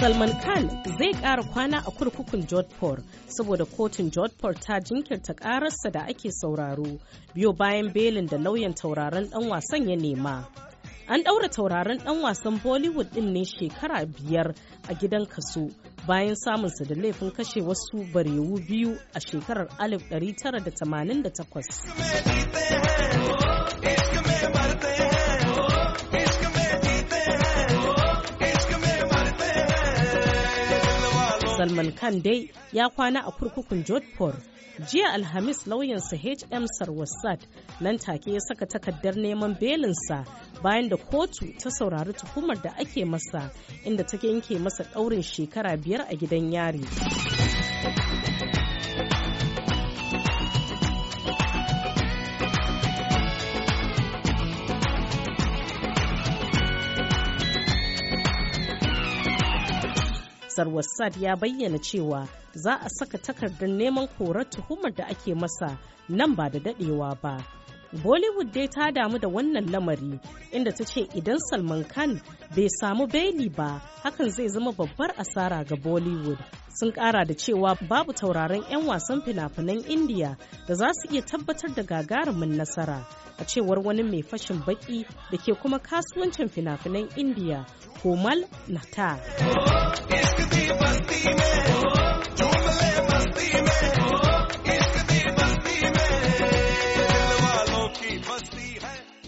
Salman Khan zai ƙara kwana a kurkukun Jodhpur saboda kotun Jodhpur ta jinkirta ƙararsa da ake sauraro biyo bayan belin da lauyan tauraron ɗan wasan ya nema. An ɗaura tauraron ɗan wasan Bollywood ɗin ne shekara biyar a gidan kaso bayan samunsa da laifin kashe wasu barewu biyu a shekarar 1988. Salman Khan dai ya kwana a kurkukun Jodhpur. Jiya Alhamis lauyansa HM Sarwasat nan take ya saka takardar neman belinsa bayan da kotu ta saurari tuhumar da ake masa inda ta yanke masa daurin shekara biyar a gidan yari. wasad ya bayyana cewa za a saka takardar neman korar tuhumar da ake masa nan ba da dadewa ba. Bollywood dai ta damu da wannan lamari inda ta ce idan Salman Khan bai samu beli ba hakan zai zama babbar asara ga Bollywood. Sun kara da cewa babu tauraron 'yan wasan fina-finan India da za su iya tabbatar da gagarumin nasara a cewar wani mai fashin baki da ke kuma kasuwancin fina-finan India Komal Natar.